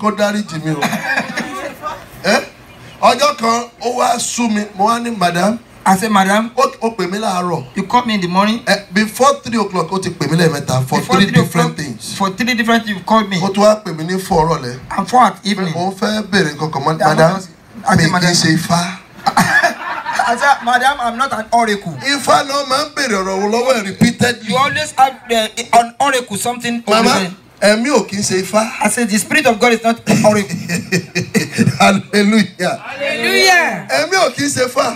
kó dáríjì mi o ọjọ́ kan ó wá sú mi mo wá ní madam. I said, madam. O, o pè mí láàárọ̀. You call me in the morning. Uh, before three o'clock, o ti pè mí lẹ́ẹ̀mẹ́ta for before three, three different things. For three different things, you called me. O tún wá pè mí ní four ọ̀rọ̀lẹ́. And four at evening. Mo fẹ́ bèrè nǹkan kan, madam. Mi kì í ṣe ifá. I said, madam, I'm not an oracle. Ifá náà máa ń bèrè ọ̀rọ̀ lọ́wọ́ ẹ̀ repeatedly. You always have uh, an oracle something. Mama. Over ẹ̀mí ò kì í ṣe ifá. I say the spirit of God is not horrible. hallelujah. hallelujah. ẹ̀mí ò kì í ṣe ifá.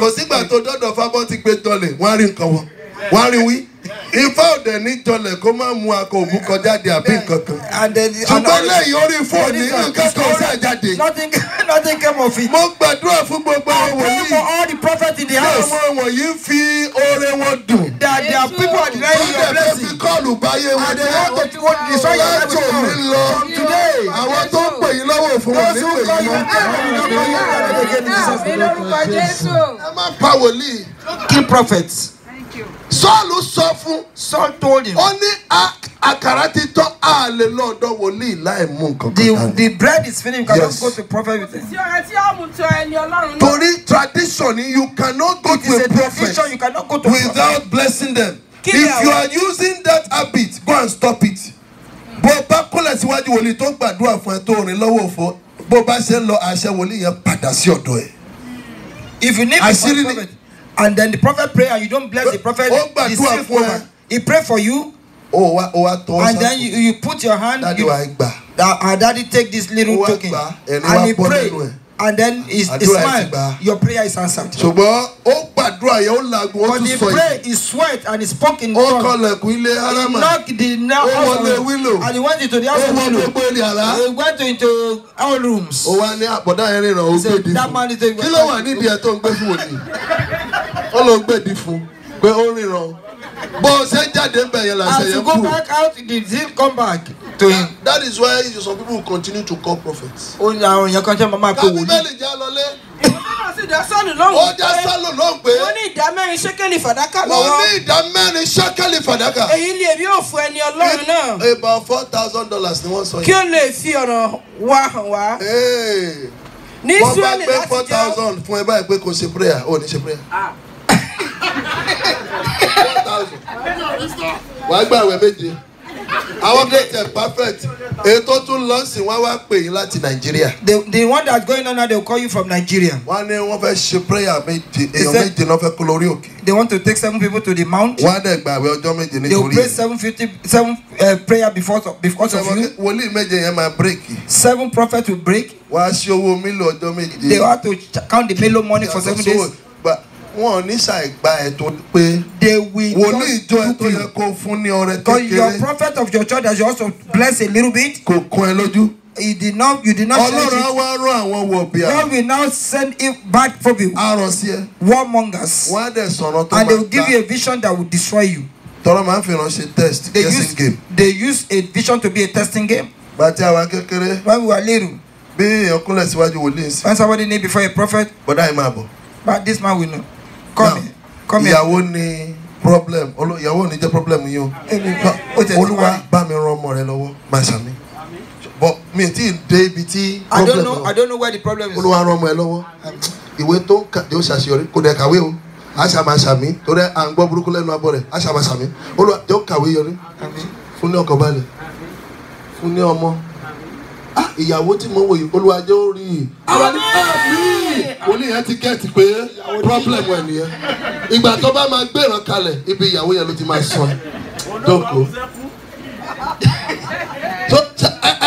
kò sígbà tó dọ́dọ̀ fábọ́ ti gbé tọ́lẹ̀ wọ́n á rí nǹkan wọn wọ́n á rí wí ifá òde níjọlẹ̀ kó má mú akọ òmù kọjáde àbí nkankan ṣùgbọ́n lẹ́yìn orí fóònù nǹkan kan ṣáà jáde. nothing came of it. mo gbàdúrà fún gbogbo àwọn wòlíì. I for all the prophets in the house. àwọn wọ̀nyí fi oore wọn dùn. that their people denying your blessing. wọ́n dẹ̀ fi kọ́ọ̀lù báyé wọn. and they want to want to destroy your life with God. láti òní lọ àwọn tó ń pè yín lọ́wọ́ fún wọn nípò yín lọ. ẹ má pa wòlíì. kill prophets sọ́ọ̀lù sọ fún. Saul ó ní àkàrà ti tán a lè wòlíì láì mú nǹkan kan dání. the bread is finished because yes. you go to prophet with it. kò tí ó mú tọ ẹni ọlọ́run náà. torí tradition you cannot go to a, a prophet you cannot go to without prophet. blessing them. if you are using that habit go and stop it. bó o bá kúnlẹ̀ síwájú wòlíì tó gbàdúrà fún ẹ tó rìn lọ́wọ́ òfò bó o bá ṣe ń lọ àṣẹ wòlíì yẹn padà sí ọ̀dọ̀ ẹ̀. if you need me for a prophet and then the prophet pray and you don't bless the prophet the same woman he pray for you oh, wa, oh, wa, to, and then you, you put your hand daddy, you, uh, uh, daddy take this little token and he pray and then he, he smile your prayer is answered. ṣùgbọ́n ó gbàdúrà yẹn ó lagun ó tún sọ yìí. but he pray he sweat and he spoke in tongue. ó kọlẹ̀kùn ilé harama. he knock the na house door. ó wọlé window. and he went into the house window. ó wọ gbogbo yàrá. he went into all rooms. ó wá ní àbọ̀dá ah, yẹn rìnrìn ó gbé dìbò. kí ló wà nídìí ẹ̀ tó ń gbé fún òní. Ọlọ́run gbèdí fún pé ó ríran bó ṣe jáde ń bẹ̀ yẹn làṣẹ yẹn kú. as you go back out the zeal come back to him. that is why some people continue to call prophets. ó ní àwọn èèyàn kan ṣe máa máa pe wòlíì. kábíbélì jẹ́ lọlé. ó já sálò lọ́hùn pé. ó ní ìdá mẹ́rin ṣẹ́kẹ́lì fàdákà lọ́wọ́. ó ní ìdá mẹ́rin ṣẹ́kẹ́lì fàdákà. èyí lè rí òfò ẹni ọlọ́run náà. about four thousand dollars ni wọ́n sọ yẹn. kí ó lè fi ọ̀nà wa hàn wá ní israeli láti jẹ́ wọ́n bá gbé four thousand fún ẹ báyìí pé kò ṣe prayer ò ní ṣe prayer. Ah wàá gbà wẹ̀ méje àwọn gẹ̀ẹ́tẹ̀ perfect ètò tún lọ́ọ̀sì wọn wá pè yín láti nàìjíríà. the the one that's going on now they will call you from nigeria. wọ́n ní wọ́n fẹ́ ṣe prayer méje èèyàn méje náà fẹ́ kó lórí òkè. they want to take seven people to the mount. wọ́n á dẹ̀ gba àwẹ̀ ọjọ́ méje nítorí. they will pray seven fifty seven uh, prayer before before of you. wòlíì méje yẹn máa break. seven prophets will break. wọ́n á ṣe owó mílò ọjọ́ méje. they will have to count the mílò money for seven days wọn ò ní ṣàìgbà ẹ̀ tó pé they will wòlíì ìjọ ẹ tó kó fún ní ọrẹ kékeré. because your prophet of your church has you also bless a little bit. kò kún ẹ lójú. He did not, you did not Ọlọ́run á wá rán àwọn wọ̀bìà. God will now send him back probably. Arọ̀sí ẹ. Warmongers. Wọ́n á dẹ̀ sọ̀rọ̀ tó máa ta. And they will give you a vision that will destroy you. Tọ́lọ́ máa ń fi ránṣẹ́ test they guessing use, game. They use a vision to be a testing game. Bàtí àwa kékeré. When we were Bí èèyàn kúnlẹ̀ síwájú wòlíì sí. When somebody kneel before a prophet. Bọ̀dá yìí máa bọ̀. But this man will know ìyàwó ni problem ìyàwó ò ní problem yìí o olúwa bá mi ran ọmọ rẹ lọ́wọ́ máa ṣàmì but mi ti dé ibi tí problem lọ I don't know where the problem is olúwa ran ọmọ ẹ lọ́wọ́ ìwé tó ń kà yóò ṣàṣeyọrí kò dẹ̀ kàwé o àṣà máa ṣàmì torí à ń gbọ́ burúkú lẹ́nu abọ́ rẹ̀ àṣà máa ṣàmì olúwa yóò kàwé yọrí fún ní ọkọ̀ balẹ̀ fún ní ọmọ Ah, ìyàwó tí mo wò yìí olùwàjẹ́ ó rí i. àwọn ní àmì òní yẹn ti gẹ̀ẹ́tì pé problem ẹ̀ nìyẹn ìgbà tó bá máa gbéra kalẹ̀ ibi ìyàwó yẹn ló ti máa sọ ẹ̀ dọ́kọ̀. so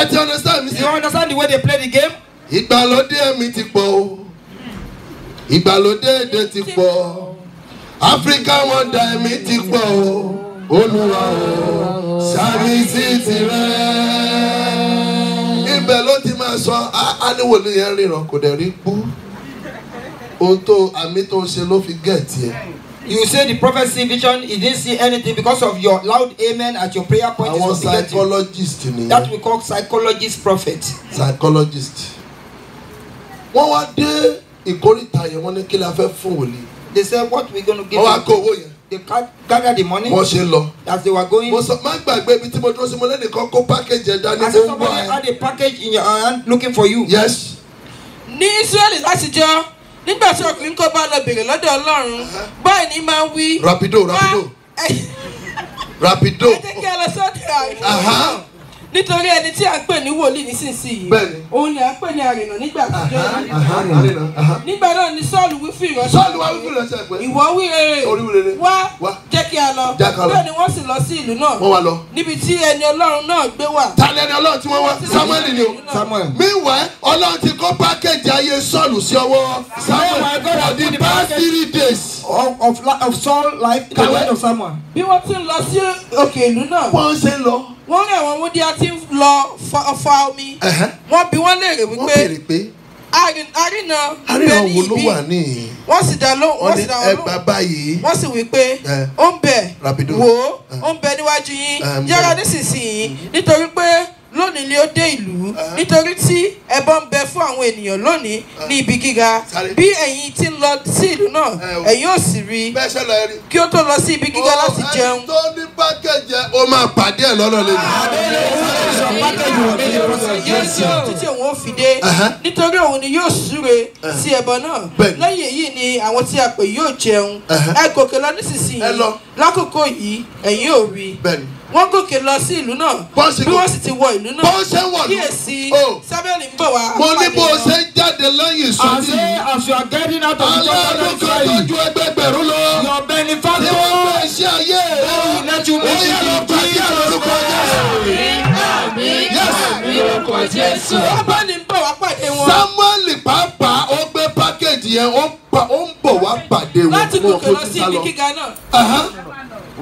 ẹ ti understand mi you understand the way they play the game. ìgbàlódé ẹ̀mí ti pọ̀ o ìgbàlódé èdè ti pọ̀ áfíríkà wọ́ndà ẹ̀mí ti pọ̀ o olúwa o sàmì sí tirẹ̀ ibẹ̀ ló ti máa sọ áníwò ni yẹn ríran kò dẹ̀ rí gbú ohun tó àmì tó ṣe ló fi gẹ̀ẹ́tì ẹ̀. You say the prophet vision, he didn't see anything because of your loud amen at your prayer point. Àwọn psychologist ni. That we call psychologist prophet. Psychologist. Wọ́n wá dé ìkórìtà yẹn wọ́n ní kí la fẹ́ fún wòlíì. They said what we gonna give you. Wọ́n wá kó owó yẹn they gather the money. wọ́n ṣe lọ. as they were going. mo sọ má gbàgbé ibi tí mo dúró sí mo lẹ́nu kan kó package ẹ̀ dání. as somebody had a package in your hand looking for you. yes. ní israeli látijọ́ nígbà tí ọkùnrin kò bá lọ bèrè lọ́dọ̀ ọlọ́run uh-huh. báyìí ni máa ń wí. rapido rapido rapido. ẹ jẹ́ kí ẹ lọ sọ́dọ̀ àìsàn nítorí ẹni tí a ń pè ní wòlíì nísinsìnyí òun ni a ń pè ní àrìnà nígbà àtijọ́ nígbà náà ni sọ́ọ̀lù wí fún ìránṣẹ́ pé ìwọ wí rere wá jẹ́ kí a lọ bẹ́ẹ̀ ni wọ́n sì lọ sí ìlú náà níbi tí ẹni ọlọ́run náà gbé wà. ta lẹni ọlọ́run tí wọ́n wá samuel ni o meanwhile ọlọ́run ti kó pákéjì ayé sọ́ọ̀lù sí ọwọ́ samuel for the past three days of of of Saul life in the word of Samuel. bí wọ́n ti ń lọ sí òkè ìlú náà. wọ́n ṣe ń lọ. wọ́n rẹ̀ wọ́n mú di a ti ń lọ fa omi. wọ́n bi wọ́n léèrè wípé. wọ́n béèrè pé. arìnà arìnà wo ló wà níyìn. wọ́n sì dá lóhùn wọ́n sì dá wọn lóhùn. ẹgbà báyìí. wọ́n sì wí pé ó ń bẹ wò ó ń bẹ níwájú yín yára nísinsìnyí nítorí pé lónìí ni ó dé ìlú ah. nítorí tí ẹbọ ń bẹ fún àwọn ènìyàn lónìí ah. ní ibi gíga bí ẹ̀yin ti ń lọ sí ìlú náà eh, ẹ̀yin ò sì rí kí ó tó lọ sí ibi gíga láti jẹun. tó ní pákẹ́jẹ ó máa pàdé ẹ̀ lọ́nà lẹ́nu. yéésù ah, títí òun ò fi dé nítorí òun ni yóò súre eh. sí ẹbọ náà lẹ́yìn èyí ni àwọn tí a pè yóò jẹun ẹ gòkè lọ nísinsìnyí lákòókò yìí ẹ̀yin ò rí wọ́n gòkè lọ sí ìlú náà bí wọ́n sì ti wọ ìlú náà bó ṣe wọ̀ lù kíyèsí sábẹ́ẹ̀lì ń bọ̀ wá. mo ní bó ṣe ń jáde lẹ́yìn sọ́ọ̀lì. àṣẹ àṣù àgẹ́dín náà tọ́jú tó bá lọ sí àyè. aláàdúgbò tọ́jú ẹgbẹgbẹ̀rún lọ. yọ̀bẹ ní fásitì. tí wọ́n bẹ iṣẹ́ ayé rẹ̀. lẹ́yìn inájú méjì ní kí lórúkọ Jésù. sábẹ́ẹ̀lì ń bọ̀ wá pàdé wọn. sámúẹ́lì pàápàá ó gbé pákéjì yẹn ó ń bọ̀ wá pàdé wọn. láti gòkè lọ sí ibi kíga náà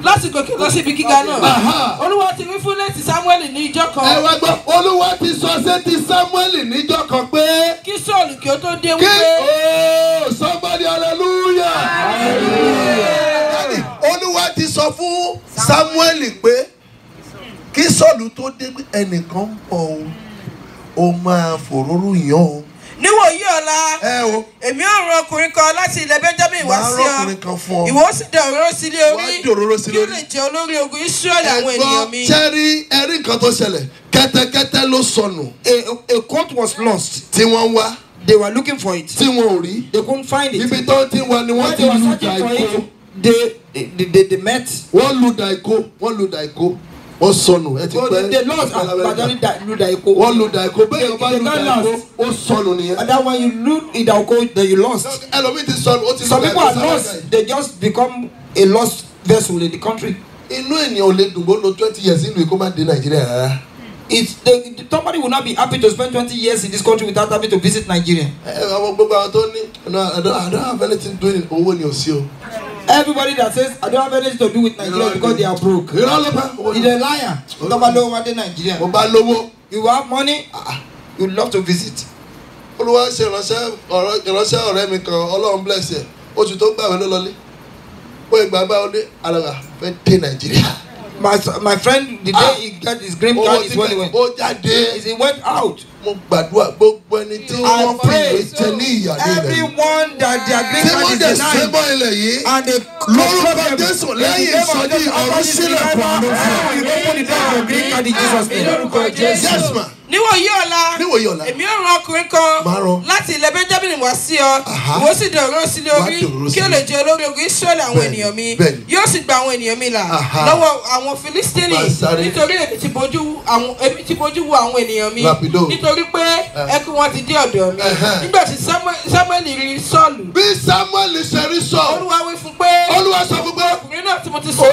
lásìkò kí lọ síbi gíga náà uh-huh. olúwa ti wí fún létí samuel ní ijọ́ kan. ẹ wá gbọ́ olúwa ti sọ sétí samuel ní ijọ́ kan pé. kí sọ́ọ̀lù kí ó tó dé wípé. kí o oh, somebody hallelujah. hallelujah. olúwa ti sọ fún samuel pé kí sọ́ọ̀lù tó dé ẹnìkan ń bọ̀ o máa fòróró yàn o níwòyí ọ̀la èmi ò rán ọkùnrin kan láti ilẹ̀ benjamin wá sí ọ ìwọ ó sì dẹ sí ilé orí kí ó lè jẹ olórí ogun israẹli àwọn ènìyàn mi. ẹ̀gbọ́n sẹ́rí ẹ̀rí nǹkan tó ṣẹlẹ̀ kẹ́tẹ́kẹ́tẹ́ ló sọnù. a court was lost. tí wọ́n wá. they were looking for it. tí wọn ò rí. they couldn't find it. ibi tó ti wà ni wọ́n ti lu dàìkó. they they they met. wọ́n lu dàìkó wọ́n lu dàìkó wọ́n sọnù ẹ ti oh, pẹ́ the lord abadani lu wọ́n lu daiko bẹ́ẹ̀ yóò bá lu daiko ó sọnù nìyẹn. and then when you lu idaoko then you lost. ẹlòmíì ti sọnù ó ti lu daiko sábà. some people are lost they just become a lost vessel in the country. inú ènìyàn ò lè dùn bó lo twenty years inú ìkó má dé nàìjíríà rárá. It, they, somebody will not be happy to spend twenty years in this country without having to visit Nigeria. Eh, àwọn gbogbo àwọn tó ní I don't have anything to do with owó ni ò sí o. Everybody that says I don't have anything to do with Nigeria because they are broke. Irọ́ ló bá. He's a liar. Tó bá lówó wá dé Nigeria. Mo bá lówó. You have money, ah, you love to visit. Olúwa ṣe ìránṣẹ́ ọ̀rẹ́ ìránṣẹ́ ọ̀rẹ́ mi kan Ọlọ́run bless ẹ̀ oṣù tó gbàwé ló lọlé. Ó ìgbà gbà ó dé fẹ́ dé Nàìjíríà. My, my friend, the day ah. he got his green card oh, is when he oh, went. Oh, that day. He went out. mo gbàdúrà gbogbo ẹni tí wọ́n fi ìwé ní ìyá rẹ̀. everyone that their green card is denied. tí wọ́n dẹ̀ sẹ́gbọ́n ilẹ̀ yìí. and the lórúkọ jésù lẹ́yìn ìsọjí ọ̀rọ̀ sílẹ̀ fún àánú fún. we open the door for green card in jesus name. lórúkọ jésù. yes ma. níwòyí ọ̀la níwòyí ọ̀la èmi ò ran ọkùnrin kan láti ilẹ̀ benjamin wá sí ọ ìwọ sì dọ̀rọ̀ sí lórí kí o lè jẹ olórí ogun israẹli àwọn ènìyàn mi yóò sì gba àwọn ènìyàn mi là lọ́wọ́ àwọn filistini nítorí èmi ti bojú wo àwọn ènìyàn mi nítorí nítorí pé ẹkún wọn ti dé ọ̀dọ̀ mi nígbà tí sámúẹ́lì rí sọ́ọ̀lù. bí sámúẹ́lì ṣe rí sọ́ọ̀lù. olúwa wí fún pé olúwa sọ fún pé ọkùnrin náà tí mo ti sọ.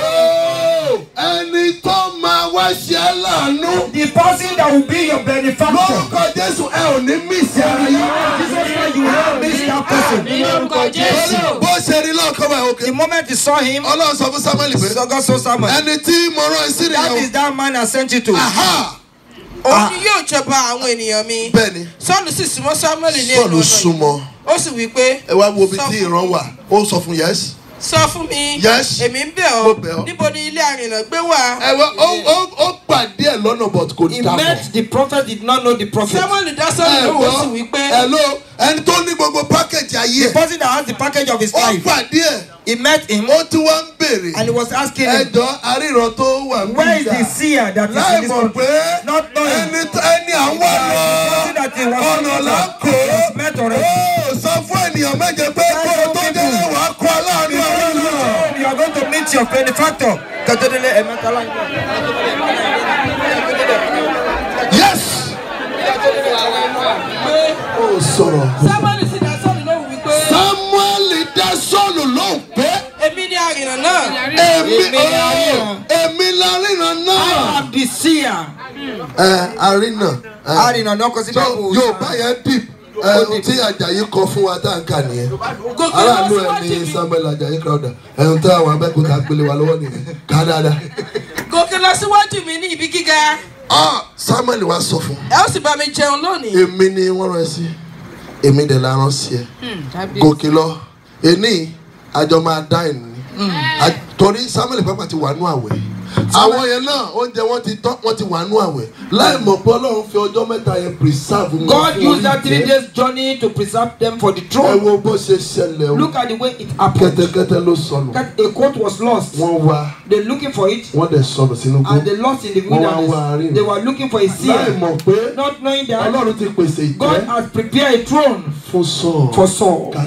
ẹni tó máa wá ṣe é láàánú. the person that will be your benefactor. lórúkọ jésù ẹ ò ní mí ara yín. jesus say you no miss that person. ní orúkọ jésù. bó ṣe rí lọ́ọ̀kọ́ bá òkè. the moment he saw him. ọlọ́run sọ fún sámúẹ́lì pé. God so Samuel. ẹni tí mo rán sí nìyẹn. that is that man I sent you to. Aha. Ah. òun ni yóò jọba àwọn ènìyàn mi. bẹ́ẹ̀ni sọ́ọ̀lù sì súnmọ́ sámúẹ́lì ní ẹnu ọ̀nà yìí ó sì wí pé. ẹ wá wo ibi tí ìran wà ó sọ fún yẹ́sì sọ fún mi. yes èmi ń bẹ̀ ọ́ mo bẹ̀ ọ́ níbo ni ilé àrìnà gbé wà. ẹ wọ ó ó ó pàdé ẹ lọ́nà but kò dà he met the prophet did not know the prophet. sẹ́wọ́n ìdásọ́nù ló wọ́n sì wí pé. hello ẹni tó ní gbogbo package ayé. the person that has the package of his life. ó pàdé ẹ. he met him. ó ti wá ń béèrè. and he was asking him. ẹjọ àríran tó wà nígbà. where is the seer that is in this country. láì mọ̀ pé not knowing. ẹni ẹni àwọn lọ ọ̀nà lákòó. he was met ó sọ fún ènìyàn méje pé kó o tó délé wàá kọ́ láàrin àwọn you are going to meet your benefactor. Yes. Oh, sorrow. Sámúẹ́lì is dá sọ́ọ̀lù lóhùn wípé. Sámúẹ́lì dá sọ́ọ̀lù lóhùn pé. Èmi ni àrìnà náà. Èmi ooo oh, I am the seer. Ẹ eh, àrìnà. Àrìnà náà kọ sí bẹ́ẹ̀ kò. Yorùbá yẹn deep ẹnu tí Àjàyí kọ fún wa tá à ń kà nìyẹn aráàlú ẹ ní Samuel Àjàyí Crowther ẹnu tí àwọn abẹ́kúta gbélé wa lọ́wọ́ nìyẹn ká dáadáa. gòkè lọ síwájú mi ní ibi gíga. Samuel wa sọ fún. ẹ ó sì bá mi jẹun lónìí. èmi ni wọ́n rán ẹ sí èmi dẹ̀ la sí ẹ hmm, gòkè lọ èní àjọ máa dá ẹ̀ nìyí hmm. torí Samuel pápá ti wà nú àwẹ̀ yìí àwọn yẹn náà oúnjẹ wọn ti tán wọn ti wà nú àwẹ̀ láì mọ̀ pé Ọlọ́run fi ọjọ́ mẹ́ta yẹn preserve wọn. God used that three days journey to preserve them for the throne. ẹ wo bó ṣe ṣẹlẹ̀ o. look at the way it happened. kẹtẹkẹtẹ ló sọnù. a coat was lost. wọ́n wá. they looking for it. wọ́n dẹ̀ sọnù sínú kó. and they lost in the wilderness. wọ́n wá àárín. they were looking for a seer. láì mọ̀ pé. not knowing that. Ọlọ́run ti pèsè ìtẹ́. God has prepared a throne. for Saul. for Saul. kà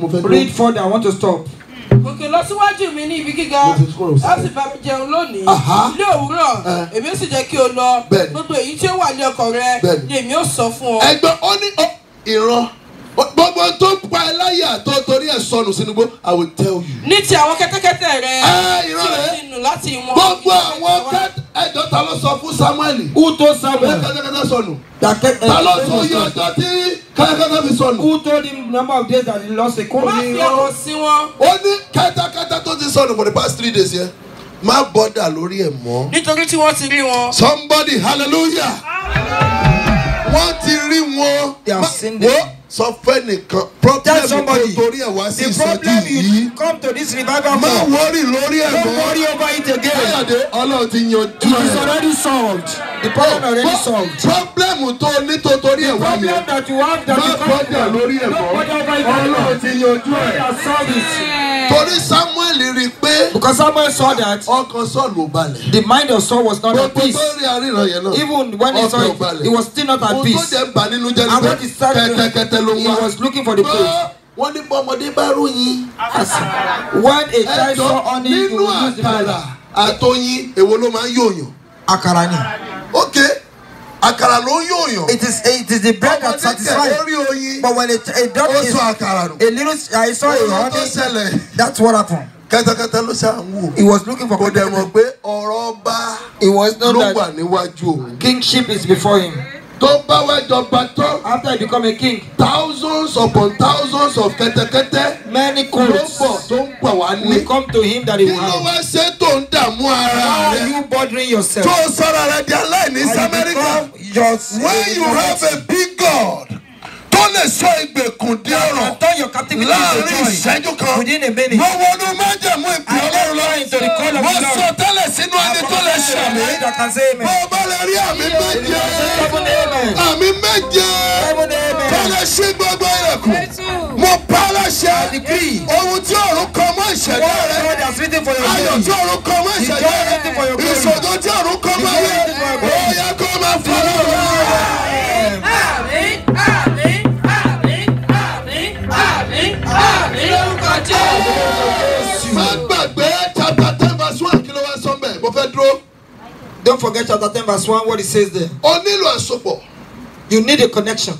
mo fẹ́. read further I want to stop gòkè lọ síwájú mi ní ibi gíga ó sì bá mi jẹun lónìí ilé òwúrọ̀ eh. èmi sì jẹ́ kí o lọ gbogbo èyí tí ó wà ní ọkàn rẹ ni èmi ó sọ fún ọ. ẹgbẹ́ ó ní ìran gbogbo tó ń pa ẹ láyé torí ẹ sọnù sínú gbó i will tell you. ní ti àwọn kẹ́tẹ́kẹ́tẹ́ rẹ tí o ti gbogbo àwọn ẹjọ́ ta ló sọ fún samuel. who told samuel. kẹ́tẹ́kẹ́tẹ́ sọnù. ta ló sọ iye ọjọ́ tí kẹ́tẹ́kẹ́tẹ́ fi sọnù. who told him number of days that he lost a cold. ó ní kẹ́tẹ́kẹ́tẹ́ tó ti sọnù for the past three days yẹn má bọ́dà lórí ẹ̀ mọ́. nítorí tí wọ́n ti rí wọn. somebody hallelujah. wọ́n ti rí wọn. they have seen sọ fẹ́ nìkan problem tó torí ẹ̀ wá sí ìsọjí yìí má wọ́rì lórí ẹ̀ mọ́ káyọ̀dé ọlọ́run ti yanjú ẹ̀. it is already solved. the problem oh, already solved. problem tó ní tó torí ẹ̀ wá mi má bọ́dà lórí ẹ̀ mọ́ ọlọ́run ti yanjú ẹ̀. torí samuel rí i pé. because samuel saw that. ọkàn sọ̀lù ò balẹ̀. the mind of saul was not at peace. even when he saw it he was still not at peace. òtún jẹ́ ń bà nínú jẹ́ nígbà ló he was looking for the place. Ah, wọ́n ní bọ́mọdé bá ròyìn. when a child saw honey he would use the knife. àtọyìn èwo ló máa ń yòòyàn. àkàrà ni. ok àkàrà ló ń yòòyàn. it is it is the bread that satisfies. but when a, a dog is. a little i saw it. honey. that's what happened kẹtẹkẹtẹ ló ṣe àwọn wò. he was looking for kẹtẹkẹtẹ. kò dẹ̀ mọ̀ pé ọ̀rọ̀ ọba. he was not that kingship is before him tó bá wá jọba tán. after he become a king. thousands upon thousands of kẹ́tẹ́kẹ́tẹ́. many colts. tó ń bọ̀ tó ń bọ̀ wá ní. will come to him that he will have. kí ló wá ṣe tó ń dààmú ara rẹ. are you bothering yourself. tó sọ̀rọ̀ rẹ di aláìní sí amẹ́ríkà. when you have a big God tó lè sọ ìgbèkùn di ọ̀rọ̀ láàrin ìṣẹ́jú kan mo wọnú májẹ̀mú ìpè ọlọ́run lọ mo sọ tẹ́lẹ̀ sínú ẹni tó lè ṣàmì mo bá lè rí àmì méje àmì méje tó lè ṣí gbogbo ìrẹ̀kùn mo bá láṣẹ ohun tí ọ̀run kọ mọ́ ìṣẹ̀dá rẹ ayọ̀ tí ọ̀run kọ mọ́ ìṣẹ̀dá rẹ ìṣòdò tí ọ̀run kọ mọ́ rẹ ó yẹ kó máa fọ́ lọ́wọ́. dúró. Don't forget chapter ten verse one what it says there. O nílò ẹ̀sopọ̀. You need a connection.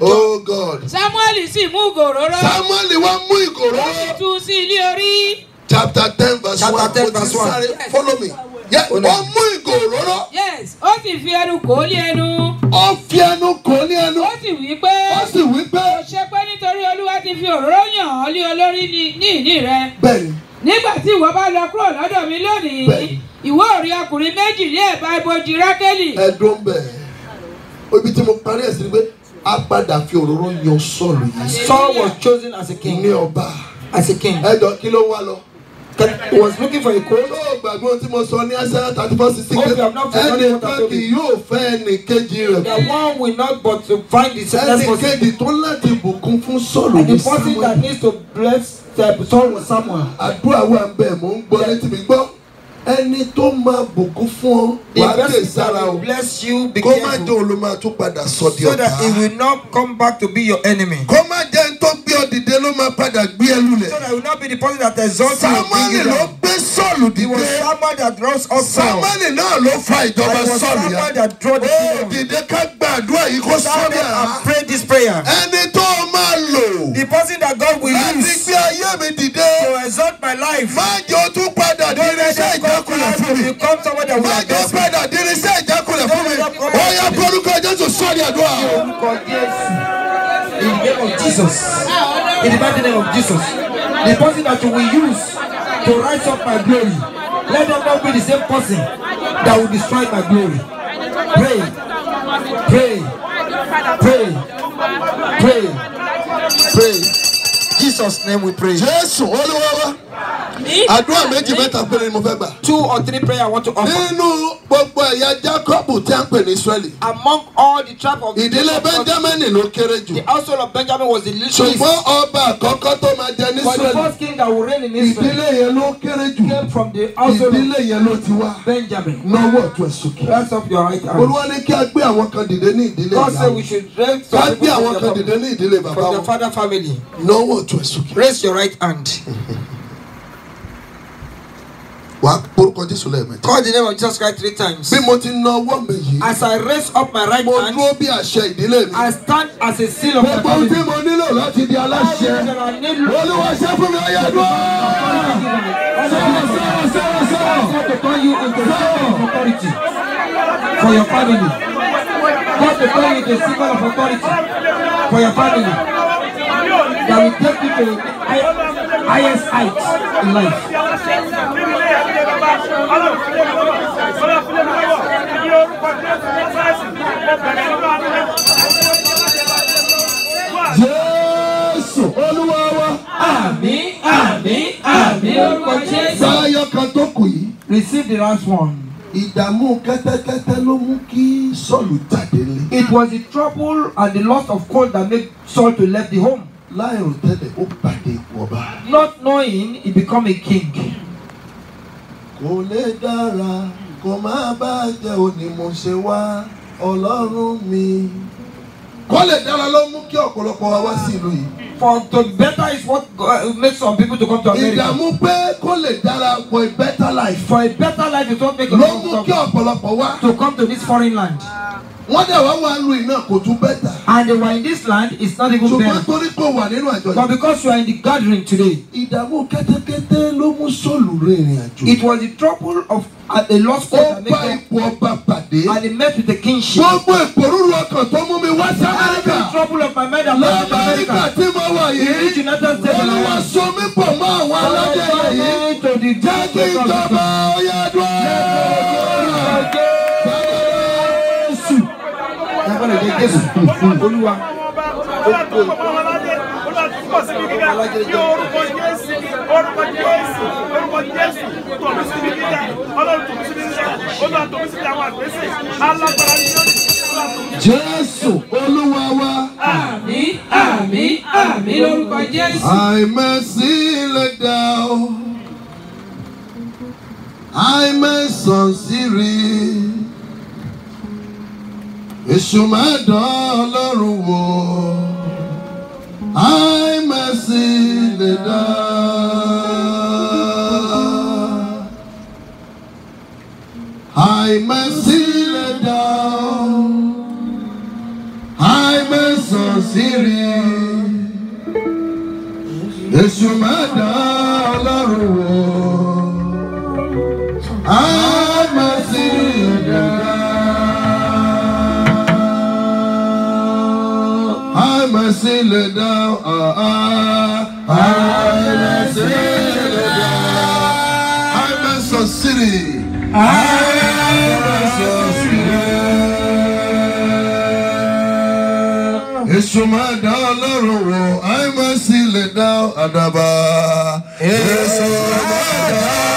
Oh God. Samuel sì mú ìgòróró. Samuel wá mú ìgòróró. Ó sì tú sí ilé orí. Chapter ten verse one. Chapter ten verse one. Follow me. Ó mú ìgòróró. Yes, ó sì fi ẹnu kò ó lé ẹnu. Ó fi ẹnu kò ó lé ẹnu. Ó sì wí pé. Ó sì wí pé. Kò ṣe pé nítorí Olúwa ti fi òróró yàn án lé olórí ní ìní rẹ. Bẹ́ẹ̀ni nígbà tí ìwọ bá lọ kúrò lọ́dọ̀ mi lónìí ìwọ ò rí ọkùnrin méjì ní ẹ̀bá ibojì rákẹ́lì. ẹ dún bẹ́ẹ̀ ibi tí mo parí ẹ̀ sí ni pé a padà fi òróró yan Sọ́ọ̀lù yìí. Saul was chosen as a king. ní ọba as a king. ẹ jọ kí ló wá lọ. He was looking for a coat. Ó gbàgbé ohun tí mo sọ ní Isaiah thirty four sixteen. Hope you have not forgotten what I told you. Ẹnì kan kì yóò fẹ́ ẹnì kejì rẹ̀. The one will not but to find his next person. Ẹnì kejì tó láti bùkún fún Sọ́ọ̀lù ní Samuel. And the person that needs to bless sọ̀rọ̀ samuel. àdúrà wà ń mò ń gbọ́ létí mi gbọ́ ẹni tó máa bùkún fún ọ wà á lè sára o kó má jẹ́ olùmọ̀ tó padà ọ̀tá. so that he will not come back to be your enemy. kó má jẹ́ ń gbé dìde ló máa padà gbé ẹ lulẹ̀. so that will not be the person that exalt you. Sámúẹ́lì ló gbé Sọ́ọ̀lù dìde. it was Samuel that rose up Saul. Sámúẹ́lì náà ló fa ìjọba Sọ́ọ̀lù yá. ó dìde ká gbàdúrà yìí kó sọ́ọ̀lù yá. pray this prayer. ẹni tó máa lò. the person that God will use. láti gbé ayé mi dìde. to exalt my life. má jẹ́ o tún padà dìde iṣẹ́ ìjákulẹ̀ fún mi. má jẹ́ o padà dìde iṣẹ́ ìjákulẹ̀ fún mi. ó yá polúkọ Jésù sọ́ọ̀lù àdúrà of Jesus. In the mighty name of Jesus. The person that you will use to rise up my glory, let them not be the same person that will destroy my glory. Pray. Pray. Pray. Pray. Pray. Jesus' name we pray. Jesus, àdúrà méjì mẹ́ta péré ni mo fẹ́ gbà. two or three prayer I want to offer. nínú gbogbo ẹ̀yà Jacob tí a ń pè ní Israeli. among all the tribe of. ìdílé Benjamin ló kéré jù. the household of Benjamin was the least. ṣùgbọ́n ọba àkọ́kọ́ tó máa jẹ ní Israeli. for the first king that will reign in Israel. ìdílé yẹn ló kéré jù. came from the household of. ìdílé yẹn ló ti wá. Benjamin. nọwọ́ tó ẹ sókè. raise up your right hand. Olúwa ní kí a gbé àwọn kan dìde ní ìdílé ìyá. God said we should raise. ká gbé àwọn kan dìde ní ìdílé bàbá from the father family. nọwọ́ tó ẹ sókè. raise your right hand. orúkọ Jésù lẹ́ẹ̀mẹ́ta. call the name of Jesus Christ three times. bí mo ti na ọwọ́ mi yìí. as I raise up my right hand. mo dúró bí àṣẹ ìdílé mi. I stand as a seal of my family. gbogbo tí mo nílò láti di aláṣẹ. olúwa ṣe fún mi ayé àdúrà. for your family. God will turn you to symbol of authority for your family. That will take you to higher heights in life. Jésù Olúwa wa. Àmín àmín àmín orúkọ Jésù. Báyọ̀ kan tó kù yìí. Receive the last one. Ìdààmú kẹ́tẹ́kẹ́tẹ́ ló mú kí Sọ́ọ̀lù jáde lé. It was the trouble and the loss of cold that made Saul to leave the home. Láì rò tẹ́lẹ̀ ó pàdé ìwọ̀ba. Not knowing he become a king kò lè dára kò má bàjẹ́ òní mo ṣe wá ọlọ́run mi. kó lè dára ló mú kí ọ̀pọ̀lọpọ̀ wa wá sí ìlú yìí. for to better is what God, uh, makes some people to come to America. ìdààmú pé kó lè dára for a better life. for a better life is what make a lot of people to come to this foreign land wọ́n dẹ̀ wá wá lu iná kò tún bẹ́ẹ̀ tà. and they were in this land it's not even better. ṣùgbọ́n torí kò wà nínú àjọ yìí. but because you are in the gathering today. ìdààmú kẹ́tẹ́kẹ́tẹ́ ló mú sọ́ọ̀lù rìnrìn àjò. it was the trouble of uh, at the lost cause that make ó bá ipò ọba pàdé. and he met with the kingship. gbogbo ìpòrúurú ọkàn tó mú mi wá sí amẹ́ríkà. every trouble of my mind and my life in america. lọ́mọ́ríkà tí mo wà yìí. in mi pọ̀ mọ́ àwọn aládé yìí. Jésù olúwa olùkọ́ bí orúkọ Jésù orúkọ Jésù orúkọ Jésù tọ̀mí síbi gíga ọlọ́run tọ̀mí síbi gíga tọ̀mí síbi àwọn àgbẹ̀sẹ̀ alágbára ní lónìí. Jésù olúwa wa. Àmín àmín àmín lórúkọ Jésù. Àìmẹ́sí lè dá o, àìmẹ́sàn sí rí i èṣù máa dán ọlọ́run wò àìmẹ̀sì lè dá. àìmẹ̀sì lè dá àìmẹ̀sàn sí rí èṣù máa dán. Èṣù máa dá ọlọ́run wò, àìmọ̀ sí lè dá àdàbà. Èṣù máa dá ọlọ́run wò.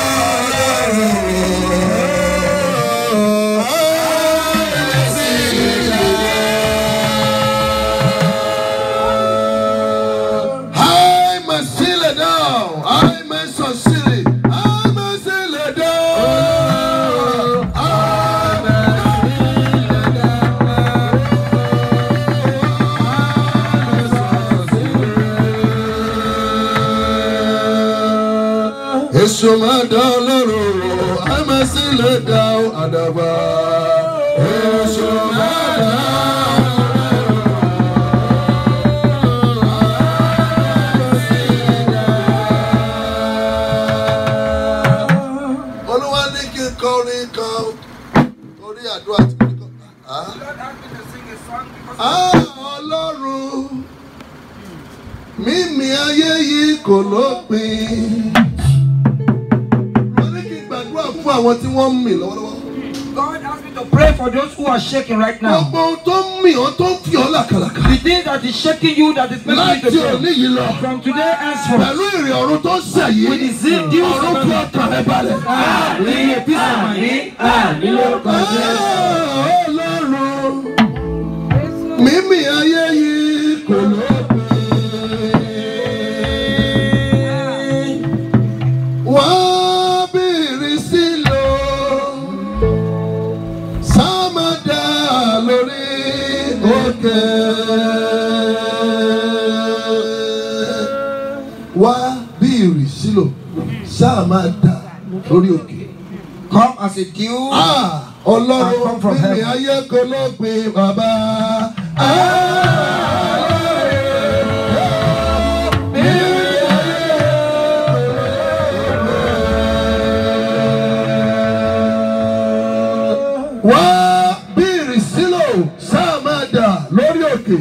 shaking right now. gbogbo ohun tó ń mì ọ́ tó ń fi ọ́ làkàlàkà. the thing that is shaking you that is making you to láti òní yìí lọ. from today henceforth. pẹ̀lú ìrìn ọ̀run tó ń sẹ̀ yìí. with the zeal due to the Lord. ọ̀run fún ọkàn rẹ balẹ̀. àmì àmì àmì lórúkọ jẹ́. Come as a dew. Ah, Ọlọ́run fún mi ayé kò ló pe bàbá. Ah. wá bí ìrìsílò sáà máa dà lórí òkè.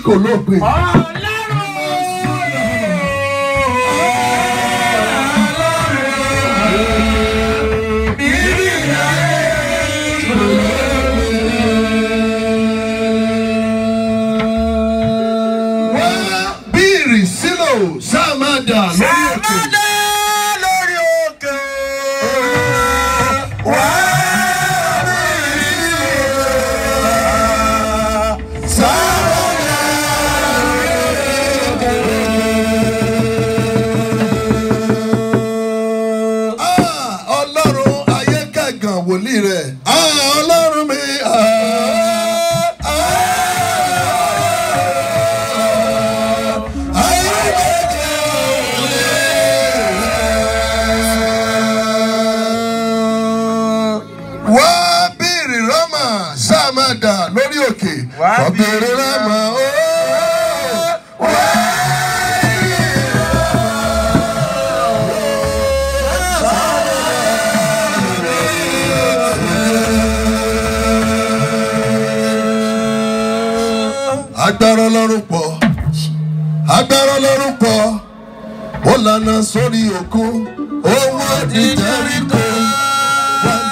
tí kò lóògbé. agbára ọlọ́run pọ̀ agbára ọlọ́run pọ̀ ó lànà sórí òkun ó wọ́n ti Jẹ́ríkò wọ́n.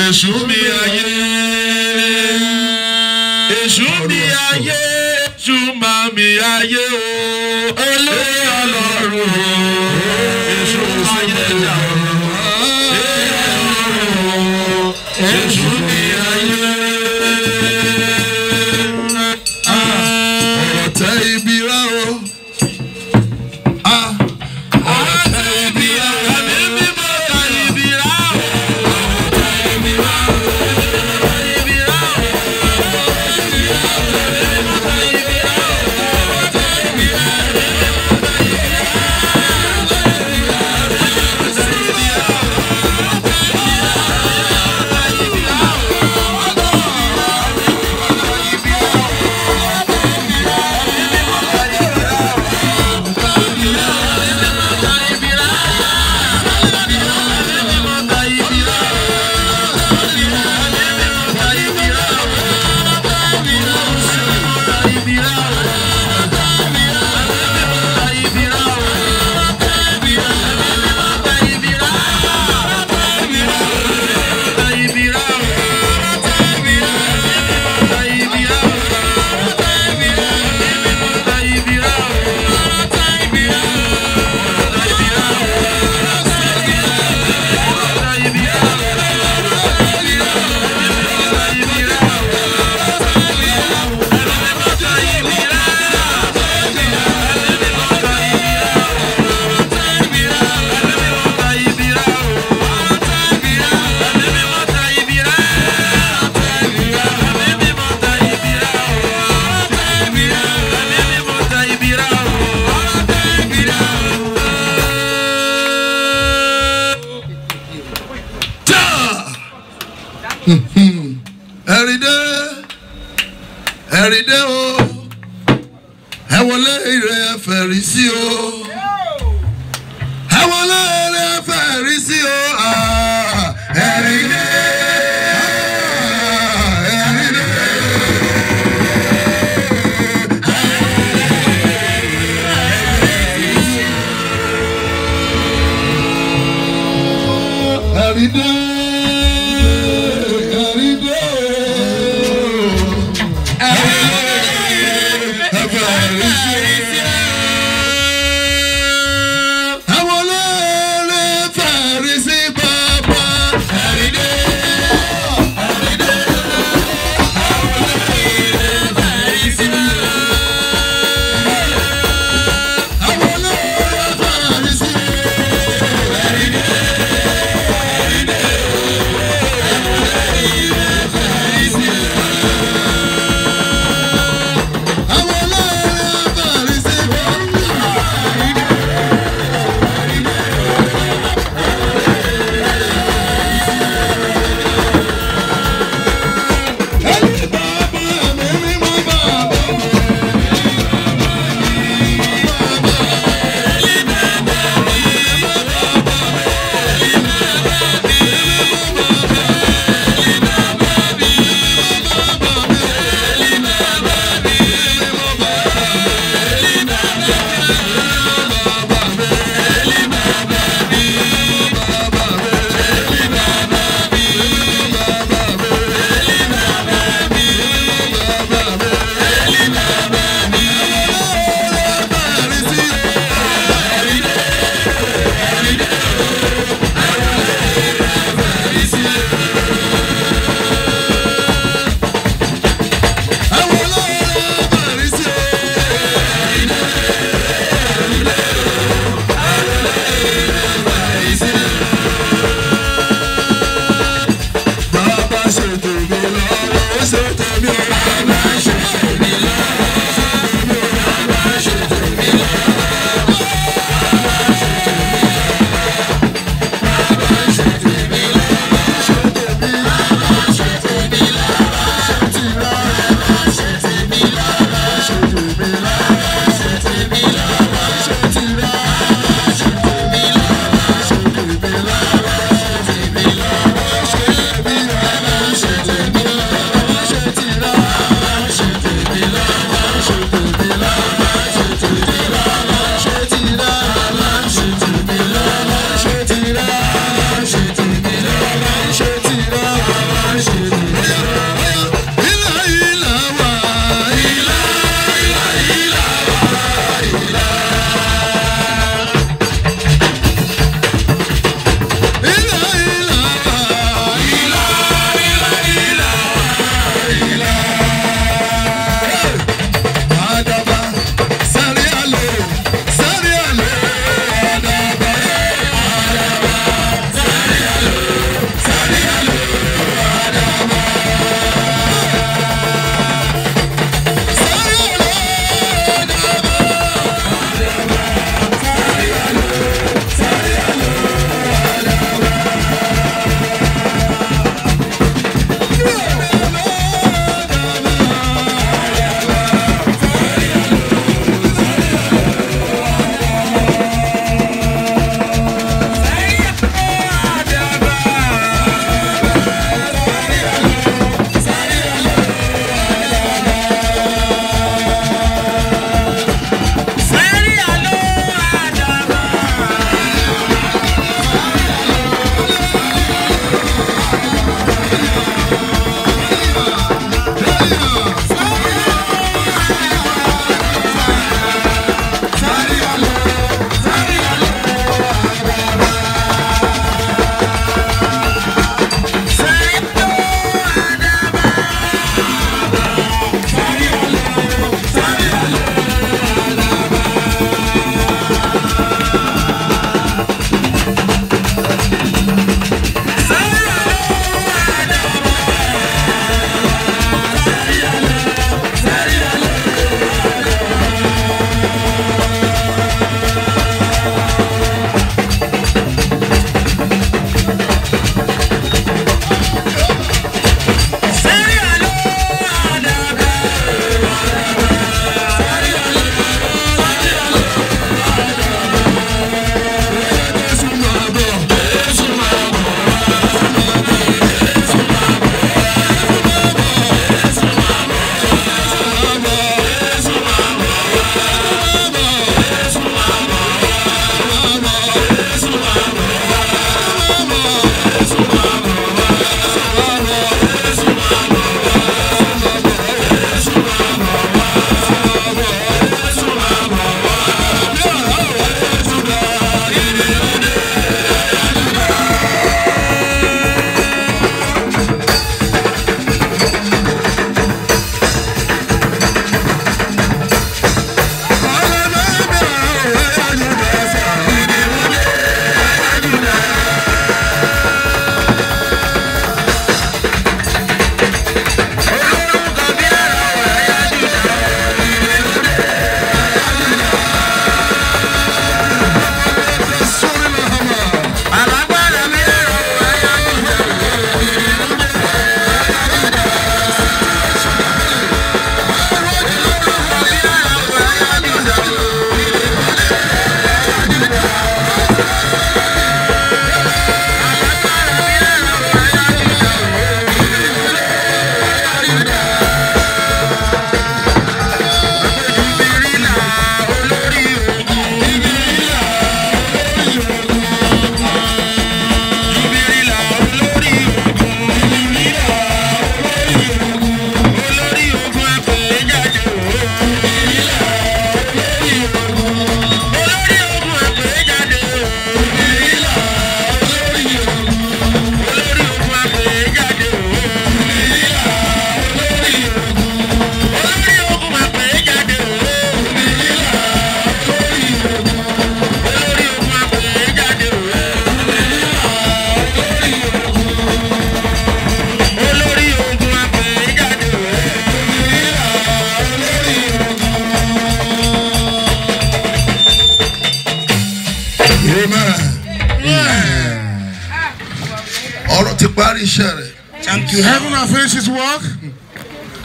èṣù mi ayé èṣù mi ayé èṣù máa mi ayé o olóyè ọlọ́run o èṣù ayé jà o èṣù.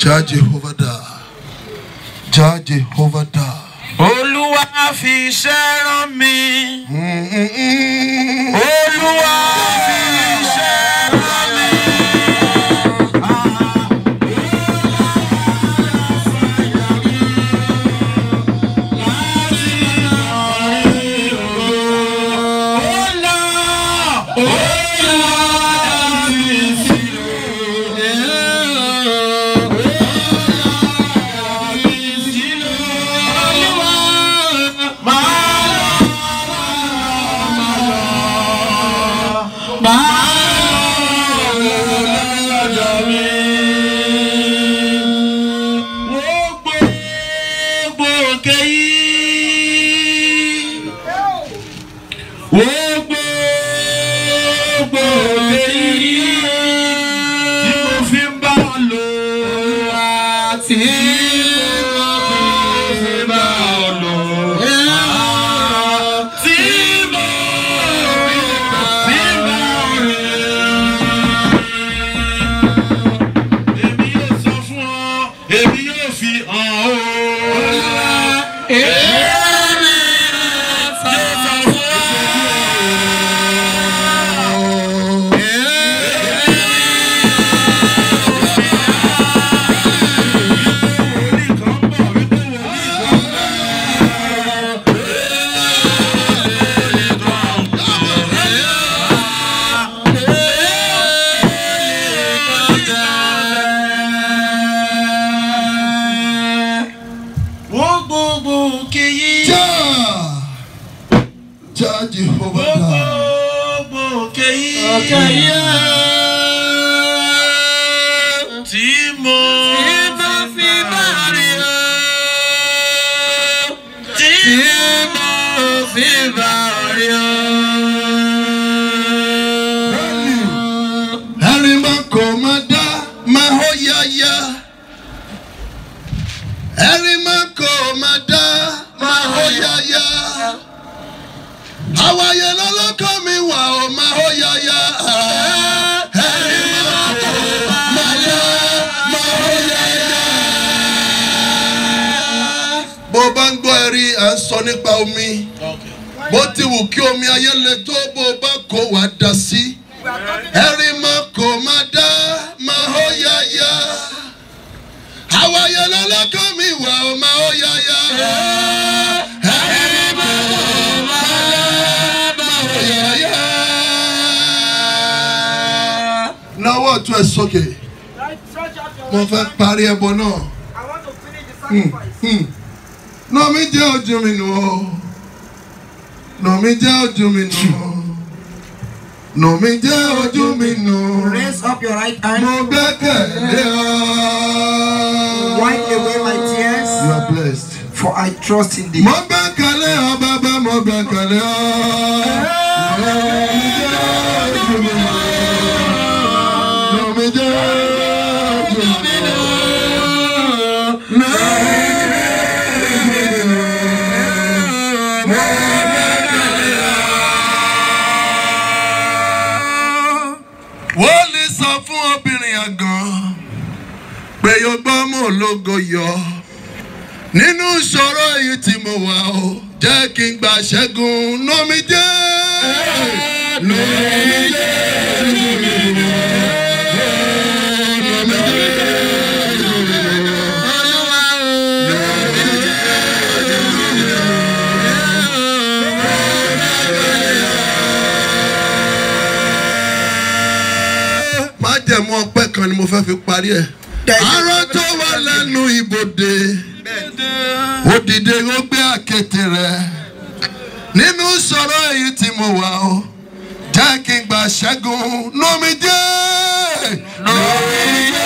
já Jehovah dá já Jehovah dá. Olúwa fi iṣẹ́ rán mi. Oh. Nọ̀mí jẹ́ ojú mi nù ọ́. Nọ̀mí jẹ́ ojú mi nù ọ́. Nọ̀mí jẹ́ ojú mi nù. Raise up your right hand. Mo Wipe away my tears. You are blessed. For I trust in thee. Mo gbẹ́kẹ̀lé ọ bàbá mo gbẹ́kẹ̀lé ọ. Nọ̀mí jẹ́ ojú mi nù. Nọ̀mí jẹ́ ojú mi nù. ológo yọ nínú ìṣòro èyí tí mo wà o jẹ́ kí n gbà ṣẹ́gun lómi jẹ́ lómi jẹ́ lómi jẹ́. kan ni mo fẹ́ fi parí ẹ̀ arọ tó wà lẹ́nu ibodè ó dìde ó gbé àkéte rẹ̀ nínú sọ̀rọ̀ èyí tí mo wà ó jẹ́ kí n gbà ṣẹ́gun lómi jẹ́ lómi jẹ́.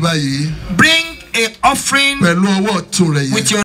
báyìí. bring a offering. pẹ̀lú ọwọ́ ọ̀tún rẹ yẹn. with your